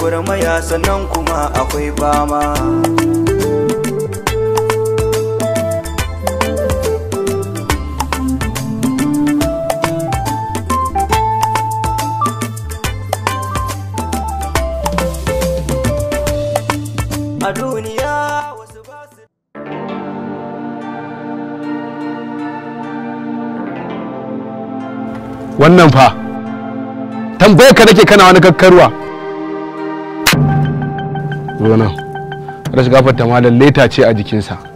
gurmaya sannan kuma akwai fama wannan fa tambayar ka nake kana wani kakkarwa zo rashin gafarta malam leta ce a jikinsa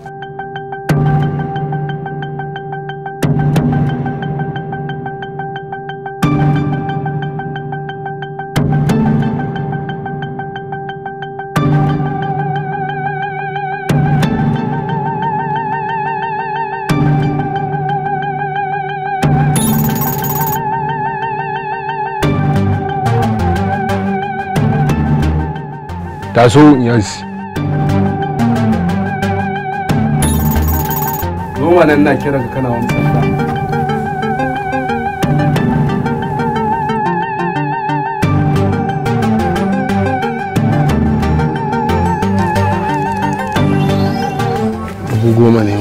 taso in yasi nan na kira ka kana wani sanda goma ne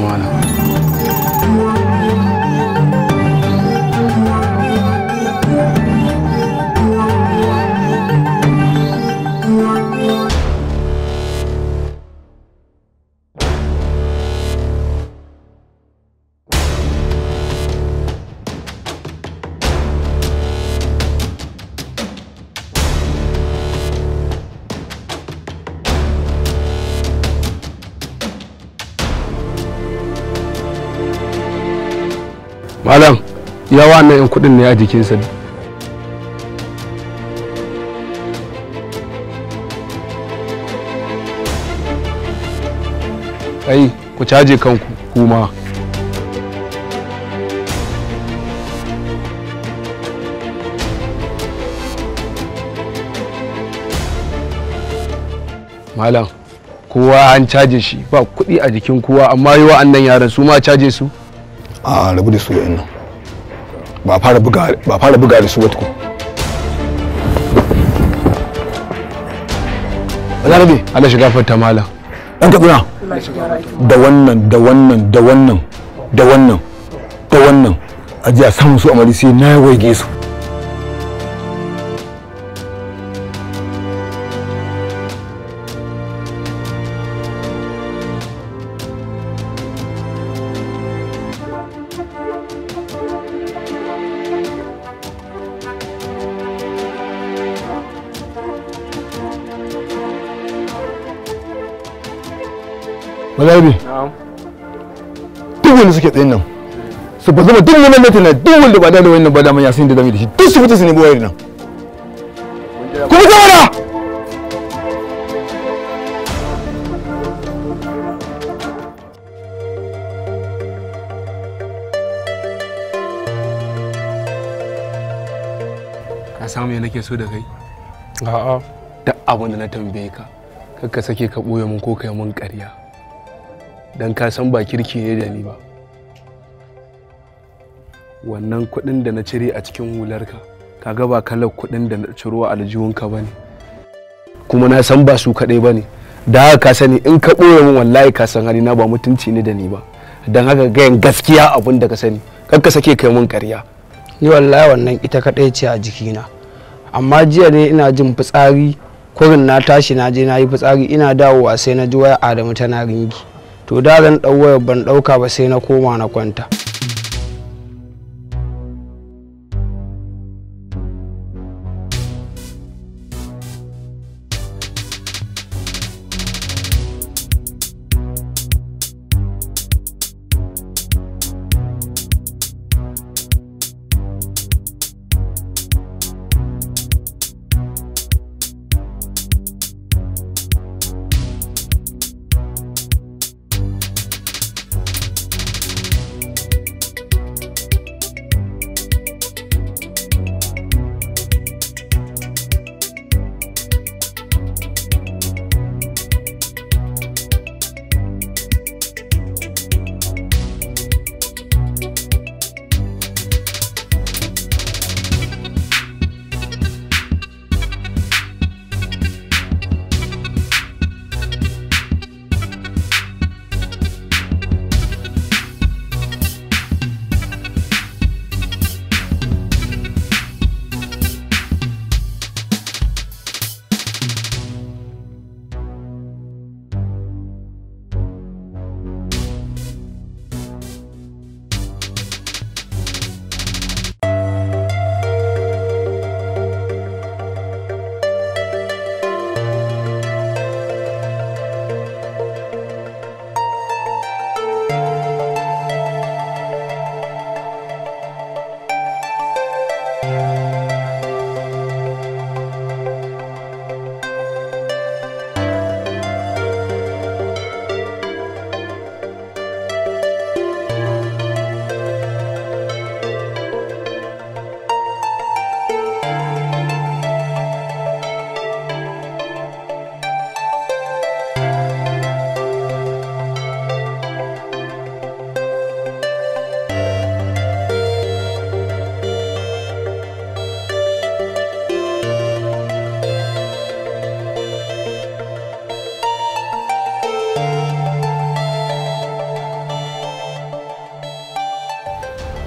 malam ya wannan yan kudin ne a jikinsa ai ku caje kanku kuma malam kowa an caje shi ba kuɗi a jikin kowa amma yi wa'annan yaran su ma caje su a rabu da su yayin nan ba fara buga da su ba tukun Balarabe Allah shiga fata malam ɗan katsina da wannan da wannan da wannan da wannan da wannan a samun su a sai na waige su Balarabe. Duk wanda suke tsayin nan. Su ba zama duk wanda mutane duk wanda ba da da mana yang sendiri dalam ini. da dami sini shi duk su ke mana. Kasam yang nak nake so da kai? A'a. da abin da na tambaye ka. Kakka sake ka ɓoye mun ko kai mun karya. don ka san ba kirki ne da ni ba wannan kuɗin da na cire a cikin hularka kaga ba kalar kuɗin da na ciro a aljihunka ba ne kuma na san ba su kaɗai ba ne da haka ka sani in ka ɓoye min wallahi ka san hali na ba mutunci ne da ni ba don haka gayan gaskiya abun da ka sani kar ka sake kai mun ƙarya ni wallahi wannan ita kaɗai ce a jikina amma jiya ne ina jin fitsari kurin na tashi na je na yi fitsari ina dawowa sai na ji waya adamu tana ringi to da zan ɗau wayar ban ɗauka ba sai na koma na kwanta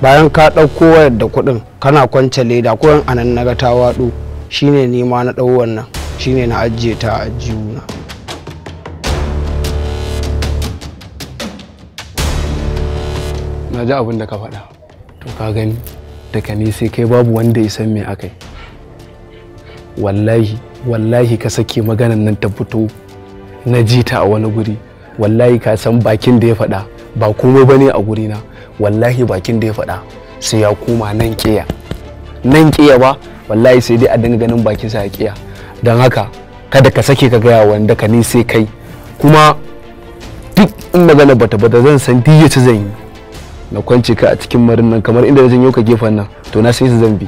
bayan ka ɗauko wayar da kuɗin kana kwance leda ko anan na ga ta waɗo shine ne ma na ɗau wannan shine na ajiye ta a juna na ji abin da ka faɗa to ka gani daga ni sai kai babu wanda ya san me akai wallahi wallahi ka sake maganan nan ta fito na ji ta a wani guri wallahi ka san bakin da ya faɗa ba komai ba ne a gurina wallahi bakin da ya faɗa sai ya koma nan ƙiya nan ƙiya ba wallahi sai dai a dinga ganin bakin sa ya ƙiya don haka kada ka sake ka gaya wanda ka ni sai kai kuma duk in magana bata bata zan san diya zan yi na kwance ka a cikin marin nan kamar inda zan yi ka gefen nan to na sai zan bi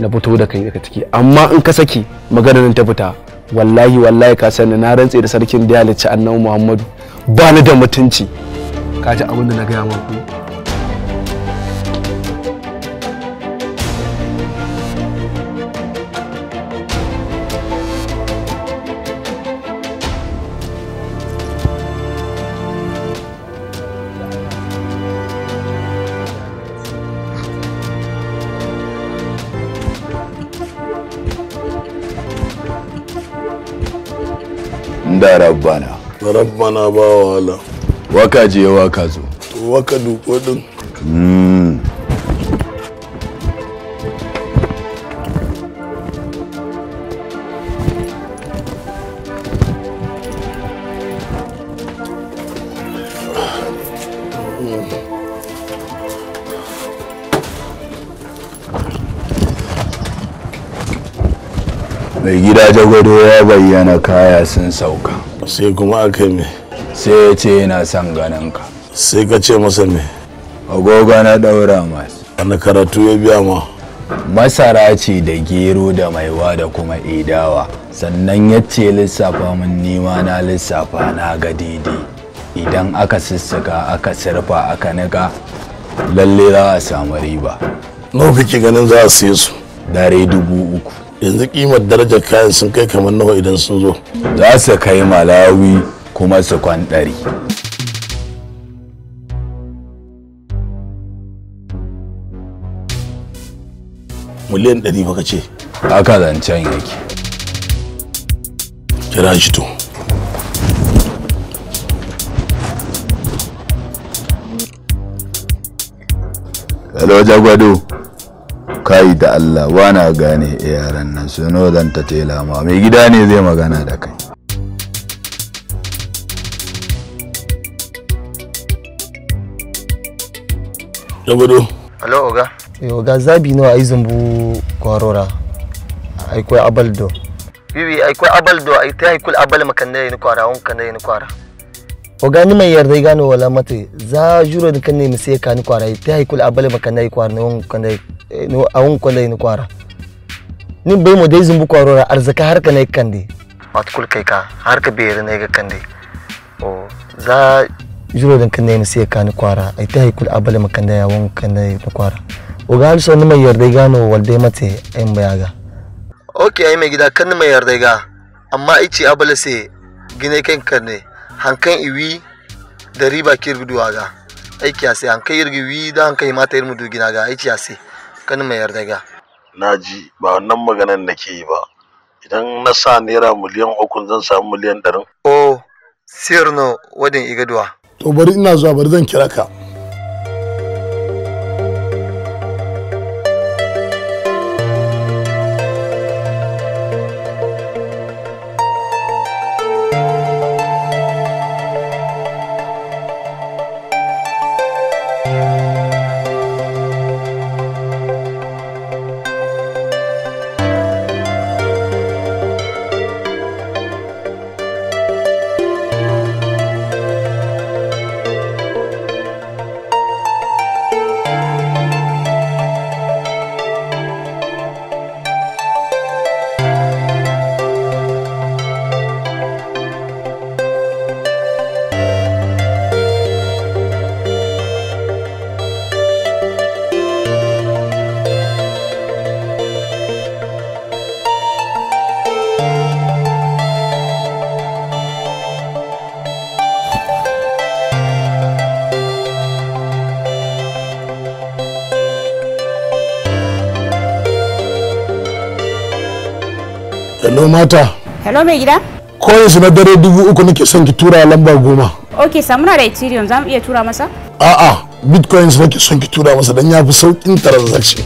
na fito da kai daga ciki amma in ka sake maganar nan ta fita wallahi wallahi ka sani na rantse da sarkin da annabi Muhammadu ba ni da mutunci kaji abin da na ga maku da rabbana ربنا ba waka je waka zo waka duko din hmm. mai gida jagwado ya bayyana kaya sun sauka sai kuma aka mai sai ya ce yana son ganin ka sai ka ce masa me agogo na daura masu wani karatu ya biya ma masara ce da gero da maiwa da kuma idawa sannan ya ce lissafa min nima na lissafa na ga daidai idan aka sissuka aka sirfa aka nika lalle za a samu riba nawa kake ganin za a siye su dare dubu uku yanzu kimar darajar kayan sun kai kamar nawa idan sun zo za su kai malawi kuma su kwan ɗari miliyan ɗari baka ce haka zancen yake kira shi to Hello Jagwado. Kai da Allah wana gane yaran nan su zan ta tela ma mai gida ne zai magana da kai. ya gudu alo oga yo ga zabi no izin bu kwarora ai ko abaldo bibi ai ko abaldo ai ta ai kul abal makanne ni kwara won kanne ni kwara oga ni mai yarda gano wala mate za juro ni ne mu sai ka ni kwara ai ta ai kul abal makanne kwara won kanne no awon kanne ni kwara ni bai mu dai bu kwarora arzaka har kanne kande matkul kai ka har ka na ne ga kande o za juro din kan na sai kani kwara ai ta haikul abale makan da yawon kan da ni kwara o ga halso ni mai yarda gano walde mate ai yaga okay ai mai gida kan ni mai yarda ga amma ai ci abale sai gine kan kan ne hankan iwi da riba biduwa ga ai kiya sai hankan yirgi wi da hankan ta yirmu du gina ga ai kiya sai kan ni mai yarda ga naji ba wannan maganan nake yi ba idan na sa naira miliyan uku zan samu miliyan ɗarin. o oh, sirno wadin igaduwa to bari ina zuwa bari zan kira ka kamata hello mai gida yanzu na dare dubu uku nake son ki tura lamba goma ok samuna da ethereum za mu iya tura masa a'a su nake son ki tura masa don ya fi sauƙin transaction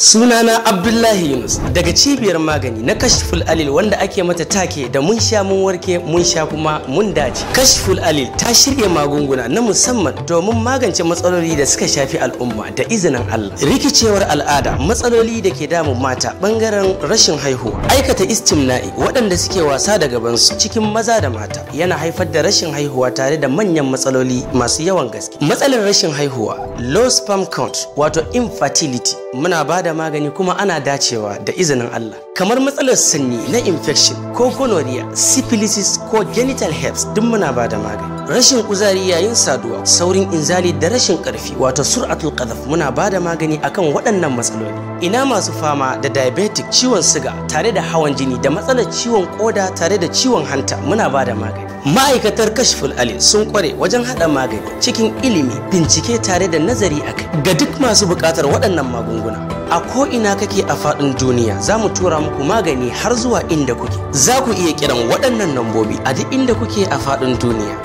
sunana abdullahi yunus daga cibiyar magani na kashful alil wanda ake mata take da mun sha mun warke mun sha kuma mun dace kashful alil ta shirya magunguna na musamman domin magance matsaloli da suka shafi al'umma da izinin allah rikicewar al'ada matsaloli da ke damun mata bangaren rashin haihuwa aikata istimna'i waɗanda suke wasa da gabansu cikin maza da mata yana haifar da rashin haihuwa tare da manyan matsaloli masu yawan gaske matsalar rashin haihuwa low sperm count wato infertility muna bada. da magani kuma ana dacewa da izinin Allah. Kamar matsalar sanyi na infection ko gonorrhea, syphilis ko genital herpes duk muna ba da magani. Rashin kuzari yayin saduwa, saurin inzali da rashin karfi wato sur'atul qadhaf muna ba da magani akan waɗannan matsaloli. Ina masu fama da diabetic ciwon siga tare da hawan jini da matsalar ciwon koda tare da ciwon hanta muna ba da magani. Ma'aikatar Kashful Ali sun kware wajen haɗa magani cikin ilimi, bincike tare da nazari akai ga duk masu buƙatar waɗannan magunguna. a ko ina kake a faɗin duniya za mu tura muku magani har zuwa inda kuke za ku iya kiran waɗannan nambobi a duk inda kuke a faɗin duniya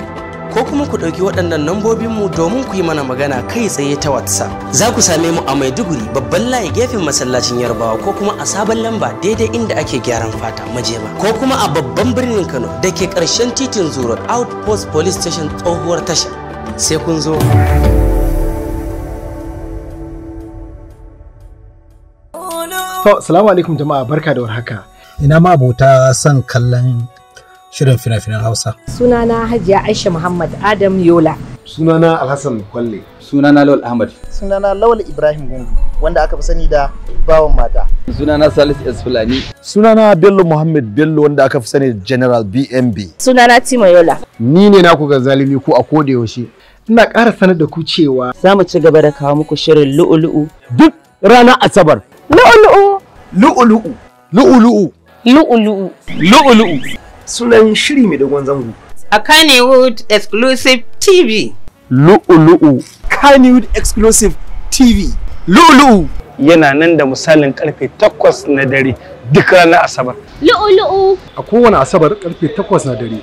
ko kuma ku ɗauki waɗannan lambobinmu domin ku yi mana magana kai tsaye ta whatsapp za ku same mu a maiduguri babban layi gefen masallacin yarbawa ko kuma a sabon lamba daidai inda ake gyaran fata majema ko kuma a babban birnin kano da ke ƙarshen titin zuro outpost police station tsohuwar tasha sai kun zo Assalamu alaikum jama'a barka da warhaka. Ina ma abota son kallon shirin fina-finan Hausa. Sunana Hajiya Aisha Muhammad Adam Yola. Sunana Alhassan Kwalle. Sunana Lawal Ahmad. Sunana Lawal Ibrahim Gungu wanda aka fi sani da bawan mata. Sunana Salisu S Fulani. Sunana Bello Muhammad Bello wanda aka fi sani da General BMB. Sunana Tima Yola. Ni ne naku ga zalimi ko a koda yaushe. Ina ƙara sanar da ku cewa za mu ci gaba da kawo muku shirin lu'u-lu'u duk Rana Asabar. Lu'u-lu'u Lu'ulu'u. Lu'ulu'u. Lu'ulu'u. Lu'ulu'u. Sunan shiri mai dogon zango. A Kannywood Exclusive TV. Lu'ulu'u. Kannywood Exclusive TV. Lu'ulu'u. Yana nan da misalin karfe takwas na dare duk ranar Asabar. Lu'ulu'u. A kowane Asabar karfe takwas na dare.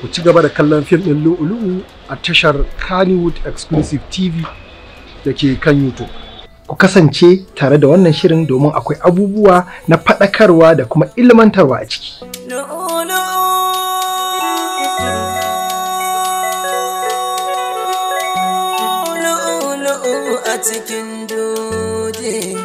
Ku ci gaba da kallon fim ɗin Lu'ulu'u a tashar Kannywood Exclusive TV da ke kan YouTube. ku kasance tare da wannan shirin domin akwai abubuwa na faɗakarwa da kuma ilmantarwa a ciki. cikin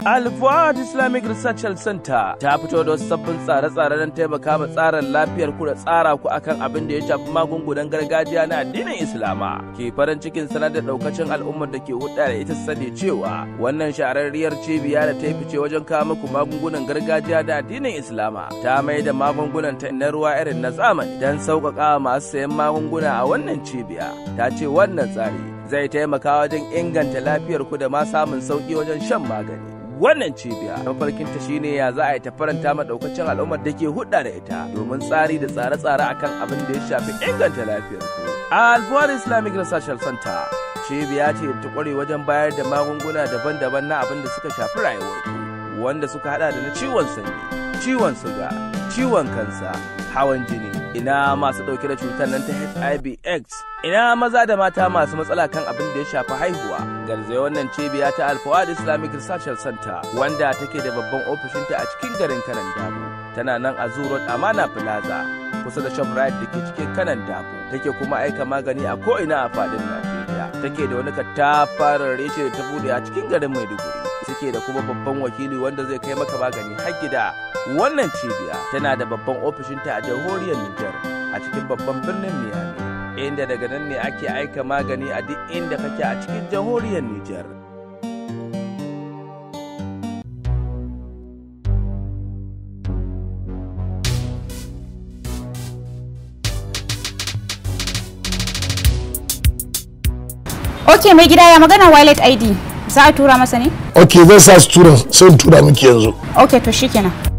Alfuad Islamic Research Center ta fito da wasu sabbin tsare-tsare don taimaka ma tsarin lafiyar ku da tsara ku akan abin da ya shafi magungunan gargajiya na addinin Islama. Ke farin cikin sanar da daukacin al'ummar da ke huɗa da ita sani cewa wannan shahararriyar cibiya da ta fice wajen kawo muku magungunan gargajiya da addinin Islama ta mai da magungunan ta na ruwa irin na zamani don sauƙaƙa masu sayan magunguna a wannan cibiya. Ta ce wannan tsari zai taimaka wajen inganta lafiyar ku da ma samun sauƙi wajen shan magani. wannan cibiya mafarkinta shine ya za a yi ta faranta ma daukacin al'ummar da ke hudda da ita domin tsari da tsare-tsare akan abin da ya shafi inganta lafiyar ku alfuwar islamic research center cibiya ce ta kware wajen bayar da magunguna daban-daban na abin da suka shafi rayuwar ku wanda suka hada da na ciwon sanyi ciwon suga ciwon kansa hawan jini ina masu dauke da cutar nan ta hiv aids ina maza da mata masu matsala kan abin da ya shafi haihuwa garzaya wannan cibiya ta alfawad islamic research center wanda take da babban ofishinta a cikin garin kanan dabo tana nan a zuro amana plaza kusa da shoprite da ke cikin kanan dabo take kuma aika magani a ko'ina a fadin najeriya take da wani katafarar reshe da ta bude a cikin garin maiduguri suke da kuma babban wakili wanda zai kai maka magani har gida wannan cibiya tana da babban ofishinta a jamhuriyar niger a cikin babban birnin miami inda daga nan ne ake aika magani a duk inda kake a cikin jamhuriyar Nijar. Ok mai gida ya magana wallet ID za a tura masa ne? Ok zan sa su tura sai tura miki yanzu. Ok to shikenan.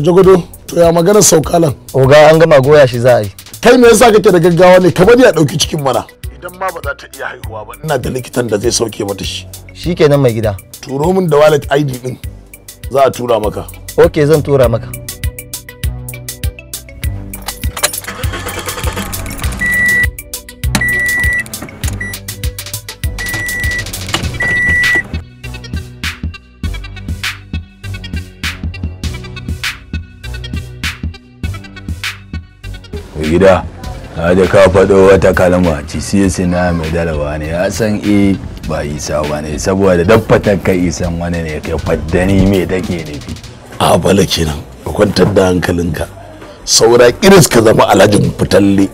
jagado to ya magana saukalan oga an gama goya shi za a yi kai me yasa kake da gaggawa ne kamar ya dauki cikin mana idan ma ba za ta iya haihuwa ba ina da likitan da zai sauke mata shi shikenan mai gida turo min da wallet id din za a tura maka okay zan tura maka gida na da ka faɗo wata kalma ci siyasi na mai dalawa ne ya san e ba isa ba ne saboda dabbatar ka isan wani ne kai faddani me take nufi a bala kenan kwantar da hankalinka saura kiris ka zama alhajin fitalle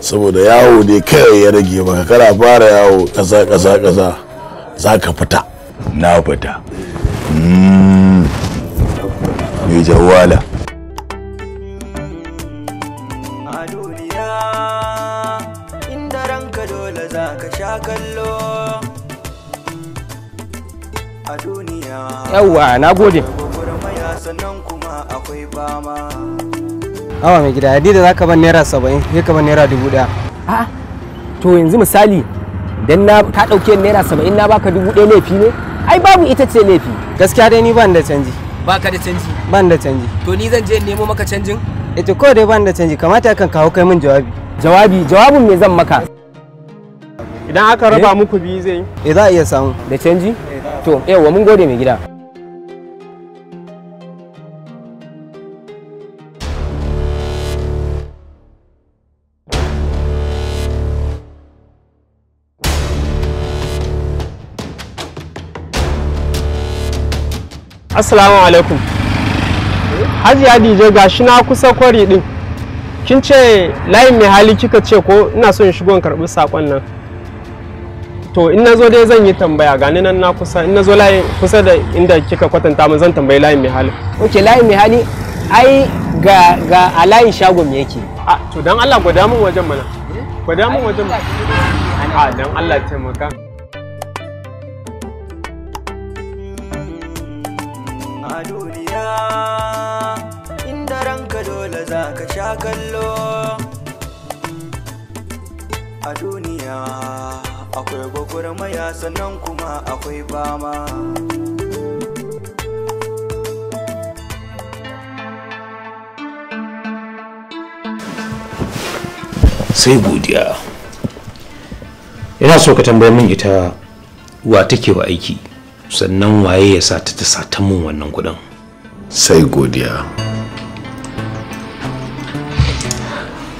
saboda yawo ne kai ya rage maka kana fara yawo ƙasa ƙasa ƙasa za ka fita na fita mai mm. jawala yawwa na gode awa mai gida yadda za ka ban naira saba'in ya ka ban naira dubu daya a to yanzu misali dan na ka dauke naira saba'in na baka dubu daya laifi ne ai babu ita ce laifi gaskiya dai ni ban da canji ba ka da canji ban da canji to ni zan je nemo maka canjin ita eh, ko kawai dai ban da canji kamata kan kawo kai min jawabi jawabi jawabin me zan maka idan aka raba eh? muku biyu zai yi eh, za a iya samu da canji to mun gode mai gida Assalamu alaikum. Hajiya Dije ga na kusa kwari din. Kin ce layin mai hali kika ce ko ina so in shigo in karɓi sakon nan. to in na zo dai zan yi tambaya gani nan na kusa in na zo layin kusa da inda kika kwatanta mun zan tambayi layin mai hali ok layin mai hali ai ga ga a layin shagon me yake a to dan Allah gwada mun wajen mana gwada mun wajen mana a dan Allah taimaka a duniya inda ranka dole za ka sha kallo a duniya akwai gwagwarmaya sannan kuma akwai bama sai godiya yana so ka tambaye min ita wa take wa aiki sannan waye ya sa ta ta sata min wannan kudin sai godiya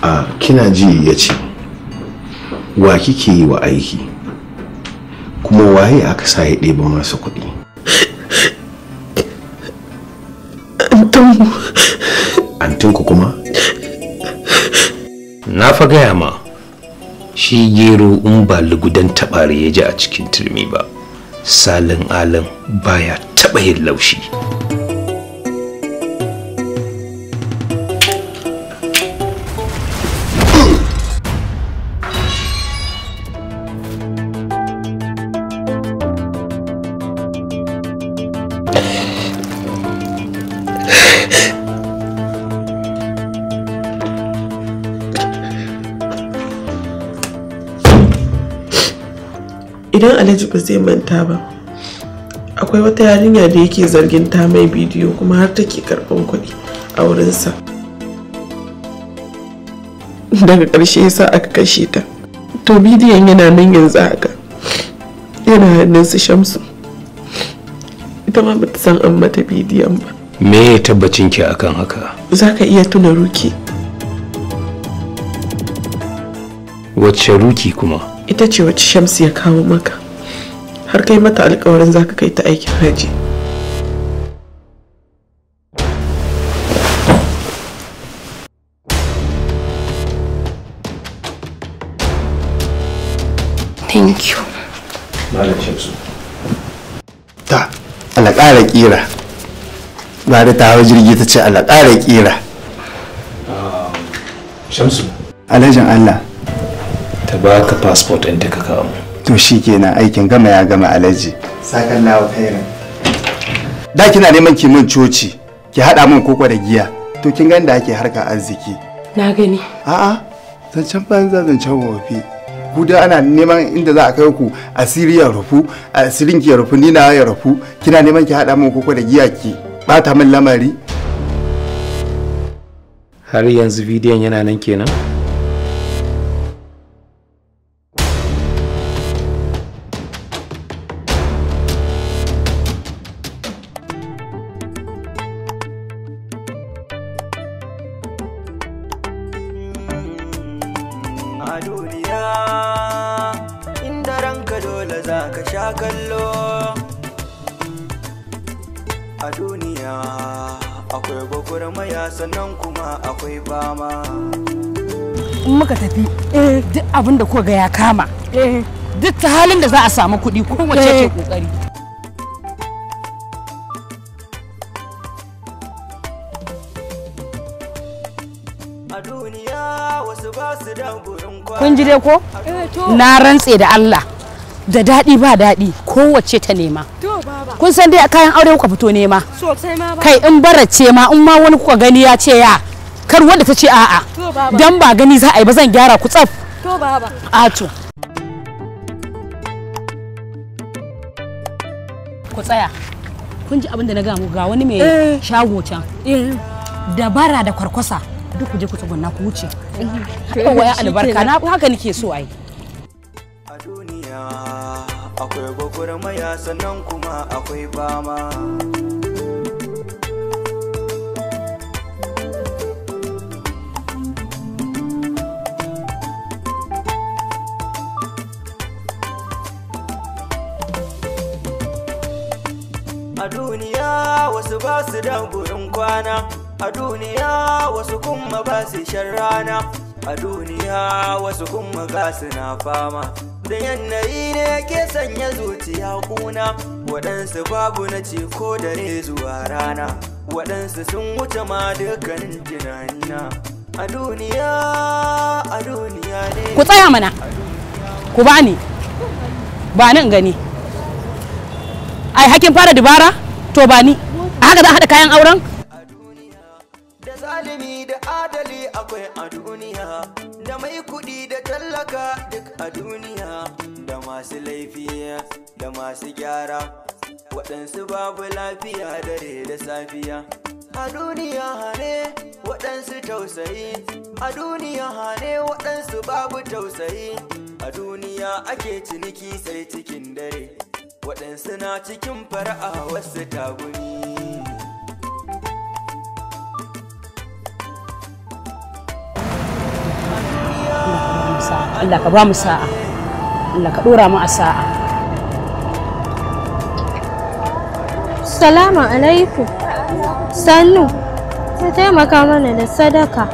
a ah, kina ji ya ce wa kike yi wa aiki kuma waye aka sa ya ɗeba masa kuɗi antinku kuma na fa gaya ma shi gero in ba lugudan taɓari ya ji a cikin turmi ba salin alin baya taɓa yin laushi zai manta ba akwai wata yarinya da yake zargin ta mai bidiyo kuma har take karɓar kuɗi a wurinsa daga ƙarshe sa aka kashe ta to bidiyon yana nan yanzu haka yana hannunsu shamsu ita ma bata san an mata bidiyon ba me ya tabbacin ki akan haka za ka iya tuna ruki wacce ruki kuma ita ce wacce shamsu ya kawo maka har kai mata alkawarin za ka kai ta aikin haji thank you ta ala ƙara ƙira Bari da ta hawa jirgi ta ce ala ƙara ƙira shamsu alhajin allah ta ba ka fasfot ɗin ta ka kawo to shi kenan aikin gama ya gama alaji sakan lawa khairan da kina neman ki min coci ki hada min koko da giya to kin ganda ake harka arziki na gani a'a zancen zan zancen wofi ku da ana neman inda za a kai ku asiri ya rufu asirin ki ya rufu ni na ya rufu kina neman ki hada min koko da giya ki bata min lamari har yanzu bidiyon yana nan kenan da kuka ga ya kama eh. duk ta halin da za a samu kuɗi kowace ce kokari eh. kun ji dai ko eh, na rantse da Allah da daɗi ba daɗi kowace ta nema kun san dai a kayan aure kuka fito nema kai in barace ma in ma wani kuka gani ya ce ya kar wanda ta ce a'a dan ba gani za a yi ba zan gyara ku tsaf ko baba ato ku tsaya kun ji abin da na gamu ga wani mai eh. shago can eh. da da kwarkwasa duk ku je ku tsugunna ku wuce haka eh. waya albarka na haka nake so ai a duniya akwai gwagwarmaya sannan kuma akwai bama su da burin kwana a duniya wasu kuma ba su shan rana a duniya wasu kuma ga su na fama da yanayi ne ke sanya zuciya kuna waɗansu babu na ce ko da ne zuwa rana waɗansu sun wuce ma dukkanin tunanina a duniya a duniya ne ku tsaya mana ku bani ba nan gani ai hakin fara dubara to ba ni haka za a haɗa kayan auren da zalimi da adali akwai a duniya da mai kuɗi da tallaka duk a duniya da masu laifi da masu gyara waɗansu babu lafiya dare da safiya a duniya hane waɗansu tausayi a duniya hane waɗansu babu tausayi a duniya ake ciniki sai cikin dare waɗansu na cikin fara'a wasu tagumi sa'a Allah ka ba mu sa'a Allah ka dora mu a sa'a Salamu alaikum Sannu ta taimaka mana da sadaka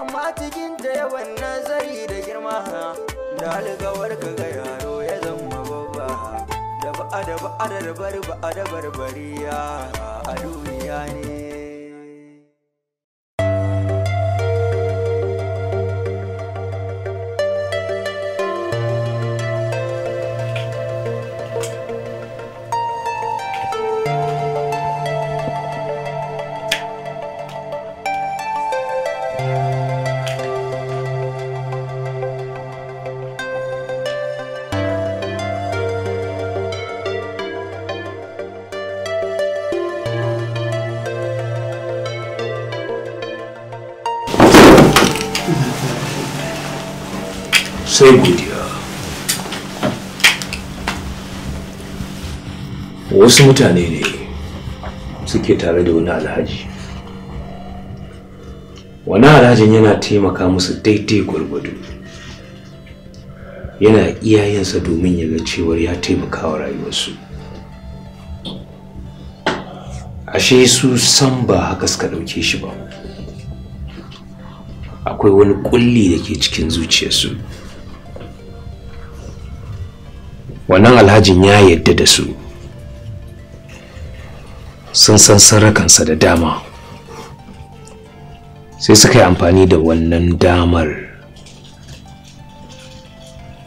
amma cikin da nazari da girma da algawar a duniya ne godiya wasu mutane ne suke tare da wani alhaji wani alhajin yana taimaka musu daidai gwargwado yana iyayensa domin ya ga cewar ya taimaka wa rayuwarsu ashe su san ba haka suka ɗauke shi ba akwai wani ƙulli da ke cikin zuciyarsu wannan alhajin ya yadda da su sun san sarrakansa da dama sai suka yi amfani da wannan damar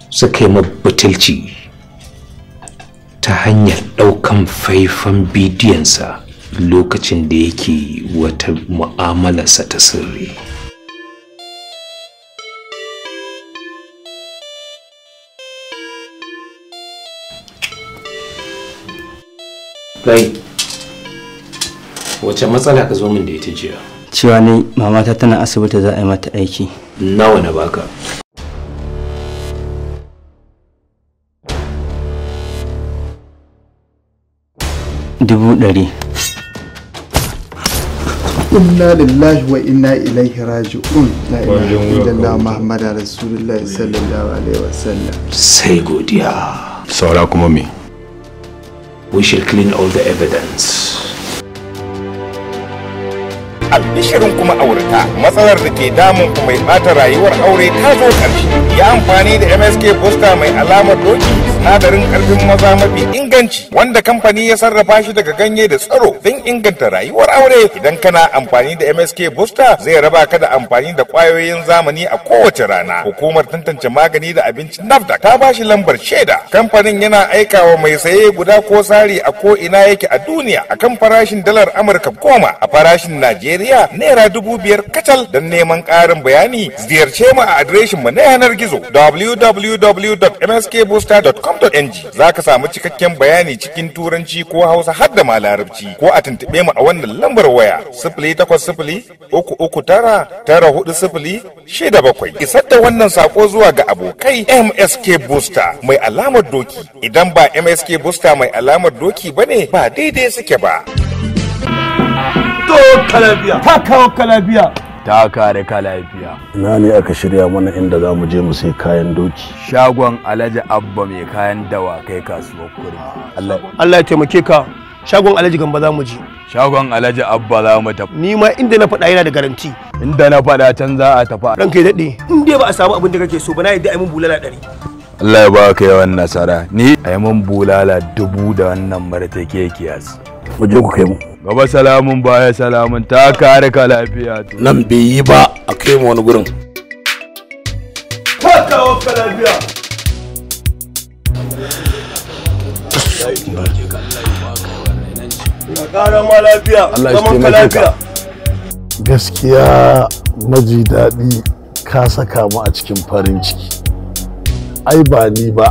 suka yi mabutulci ta hanyar ɗaukan faifan bidiyonsa lokacin da yake wata mu'amalarsa ta sirri. Kai, wace matsala ka zo min da ita jiya? Cewa ne mamata tana asibiti za a yi mata aiki. Nawa na baka? Dubu ɗari. inna lillahi wa inna ilaihi raji'un la ilaha illallah muhammadu rasulullahi sallallahu alaihi wasallam sai godiya saura kuma me we shall clean all the evidence. Albishirin kuma aurata matsalar da ke damun ku mai bata rayuwar aure ta zo ƙarshe. Ya amfani da MSK busta mai alamar doki sinadarin karfin maza mafi inganci wanda kamfani ya sarrafa shi daga ganye da tsaro don inganta rayuwar aure idan kana amfani da MSK Booster zai raba ka da amfani da kwayoyin zamani a kowace rana. Hukumar tantance magani da abinci nafda ta ba shi lambar shaida. Kamfanin yana aika wa mai saye guda ko sari a ko ina yake a duniya akan farashin dalar Amurka goma a farashin Najeriya naira dubu biyar kacal don neman ƙarin bayani ziyarce mu a adireshin mu na yanar gizo www.mskbooster.com NG za ka samu cikakken bayani cikin turanci ko hausa har da ma larabci ko a tuntuɓe mu a wannan lambar waya sifili takwas sifili uku uku tara tara hudu sifili shida bakwai isar da wannan sako zuwa ga abokai MSK Booster mai alamar doki idan ba MSK Booster mai alamar doki ba ne, ba daidai suke ba. kalabiya, kawo kalabiya. ta kare ka lafiya. Ina ne aka shirya mana inda za mu je mu sai kayan doki. Shagon Alhaji Abba mai kayan dawa kai kasuwar kuri. Allah ya taimake ka. Shagon Alhaji Gamba za mu je. Shagon Alhaji Abba za mu tafi. Ni ma inda na faɗa yana da garanti. Inda na faɗa can za a tafi. Ranka ya daɗe. In dai ba a samu abin da kake so ba na yadda a yi mun bulala ɗari. Allah ya baka yawan nasara. Ni a yi mun bulala dubu da wannan marta ke kiyasi. mu je ku kai mu gaba salamun baya salamun ta kare ka lafiya to nan bai yi ba a kai mu wani gurin kawo ka lafiya gaskiya maji daɗi ka saka mu a cikin farin ciki ai ba ni ba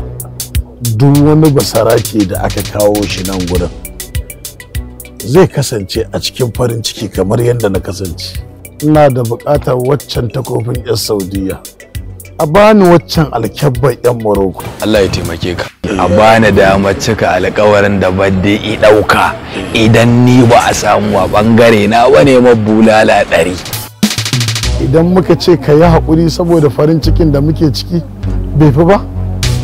duk wani basara ke da aka kawo shi nan gurin zai kasance a cikin farin ciki kamar yadda na kasance ina da buƙatar waccan takofin 'yan saudiya a bani waccan alkyabban 'yan morocco allah ya taimake ka a bani damar cika alkawarin da badde i ɗauka idan ni ba a samu a bangare na ba wane bulala ɗari idan muka ce ka yi haƙuri saboda farin cikin da muke ciki bai fi ba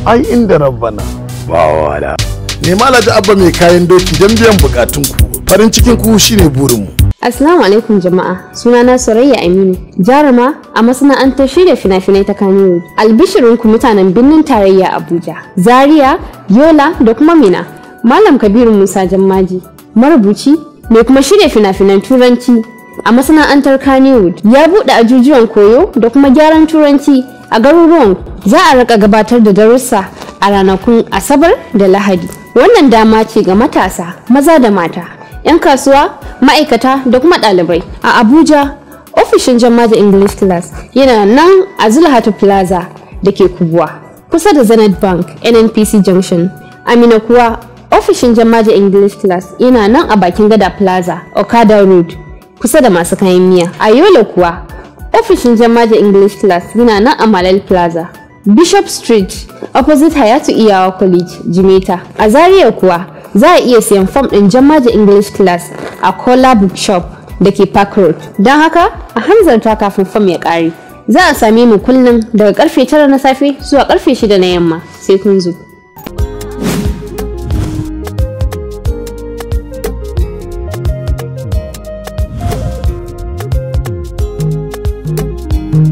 ai inda rabbana ba wala nema alhaji abba mai kayan doki don biyan bukatun ku. farin cikin ku shine burinmu Assalamu alaikum jama'a suna na Soraya Aminu jaruma a masana'antar shirya fina-finai ta Kano albishirin ku mutanen birnin tarayya Abuja Zaria Yola da kuma Mina Malam Kabiru Musa Jammaji marubuci mai kuma shirya fina-finan turanci a masana'antar Kanewood ya buɗe ajujuwan koyo da kuma gyaran turanci a garuruwan za a raka gabatar da darussa a ranakun Asabar da Lahadi Wannan dama ce ga matasa, maza da mata, 'yan kasuwa, ma'aikata da kuma ɗalibai. A Abuja, ofishin Jama'a English Class yana nan a Zulhatu Plaza da ke Kubuwa, kusa da Zenith Bank, NNPC Junction. Amina kuwa ofishin Jama'a English Class yana nan a bakin gada Plaza, Okada Road, kusa da masu kayan miya. A Yola kuwa, ofishin Jama'a English Class yana nan a Malal Plaza, Bishop Street, opposite Hayatu Iyawa College, Jimeta. A Zaria kuwa, za a iya siyan fam ɗin jammaje English Class a Kola Bookshop da ke Park Road. Don haka, a hanzarta kafin fam ya ƙare. Za a same mu kullum daga ƙarfe tara na safe zuwa ƙarfe shida na yamma. Sai kun zo.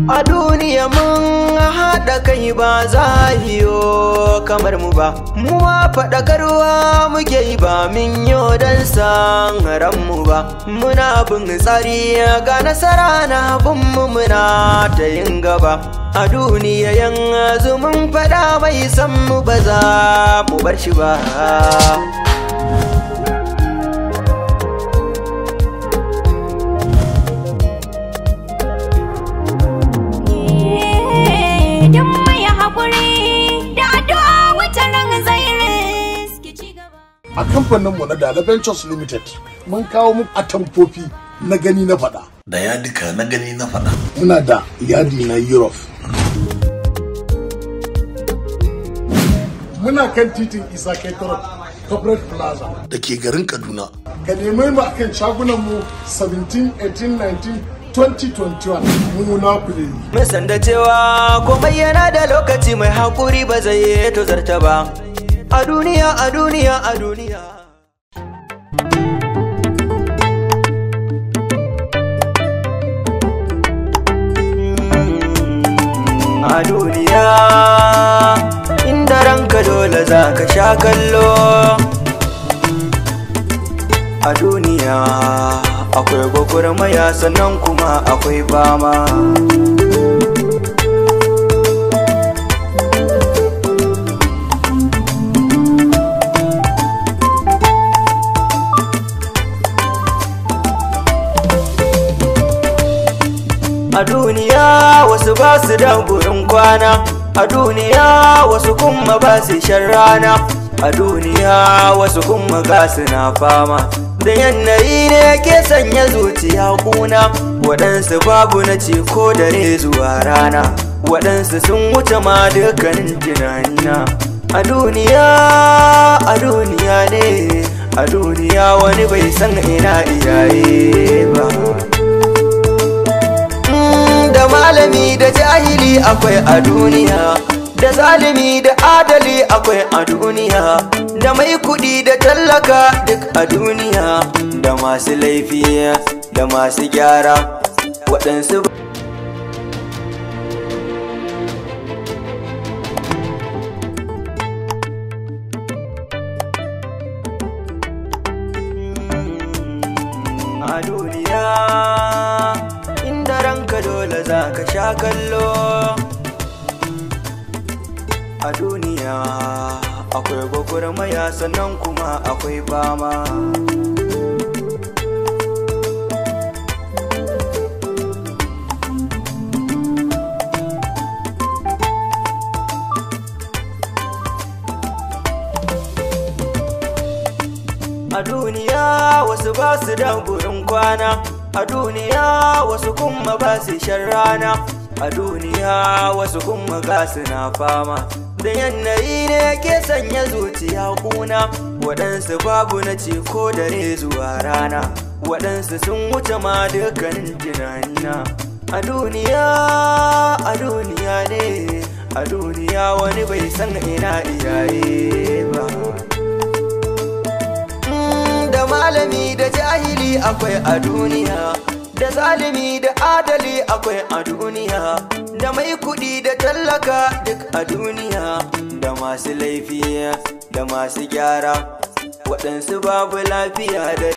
a duniya mun haɗa kai ba za hiyo kamar mu ba mu ma faɗakarwa muke yi ba min yo don san mu ba muna bin tsari ga nasara na mu muna ta yin gaba a duniya yanzu mun faɗa mai san mu ba za mu bar shi ba a kamfaninmu na Dala Ventures Limited mun kawo muku atamfofi na gani na fada. Da yadika na gani na fada. Muna da yadi na Europe. Muna kan titin Isa Ketorot, Corporate Plaza. Da ke garin Kaduna. Ka nemo mu a kan shagunanmu 17, 18, 19, 2021 na kuɗi. Mun sanda cewa komai yana da lokaci mai haƙuri ba zai yi zarta ba. a duniya a duniya a duniya a duniya inda ranka dole za ka sha kallo a duniya akwai gwagwarmaya sannan kuma akwai bama a duniya wasu ba su da gurin kwana a duniya wasu kuma ba su shan rana a duniya wasu kuma ga su na fama da yanayi ne ke sanya zuciya kuna waɗansu babu na ce ko dare zuwa rana waɗansu sun wuce ma dukkanin tunanina a duniya a duniya ne a duniya wani bai san ina iyaye ba malami da jahili akwai a duniya da zalimi da adali akwai a duniya da mai kudi da tallaka duk a duniya da masu laifi da masu gyara waɗansu ka sha kallo a duniya akwai gwagwarmaya sannan kuma akwai fama a duniya wasu ba su da gurin kwana a duniya wasu kuma ba su shan rana a duniya wasu kuma ga su na fama da yanayi ne ke sanya zuciya kuna waɗansu babu na ce ko dare zuwa rana waɗansu sun wuce ma dukkanin tunanina a duniya a duniya ne a duniya wani bai san ina iyaye ba malami da jahili akwai a duniya da zalimi da adali akwai a duniya da mai kudi da tallaka duk a duniya da masu laifiya da masu gyara waɗansu babu lafiya da